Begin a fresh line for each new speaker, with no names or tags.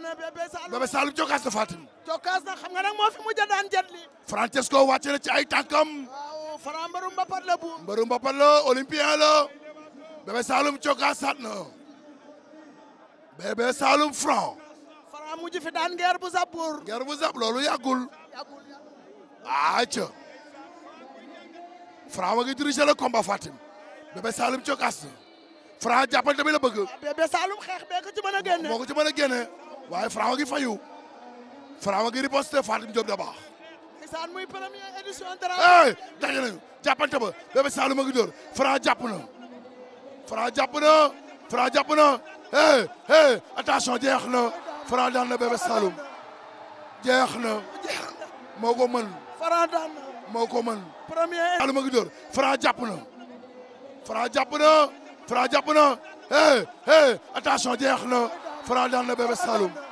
na Bébé Saloum Bébé Saloum
na xam nga nag moo fi mujj a daan jet
Francesco wàcce na ci ay tànkam
waaw Franc mbaru la bu
mbaru mbapat la olympien la Bébé Saloum jokkaas saat na Bébé Saloum
mujj fi daan ger bu zap
ger bu zap loolu yàggul yàggul acca Franc wa Fatim Bébé Saloum jokkaas na Franc jàppal tamit la bëgg. Bébé Saloum bee ko ci mën a génne. moo ko ci waaye Franc gi fayu Franc gi riposte Fatim Diop da baax.
ndeysaan muy première édition dara.
ba Bébé a ngi dóor jàpp na Franc jàpp na Franc jàpp na hey hey attention jeex na Franc daan na Bébé Saloum jeex na moo ko mën. daan na moo ko mën. jàpp na Franc jàpp na Franc jàpp na hey hey attention jeex na Franc daan na Bébé Saloum.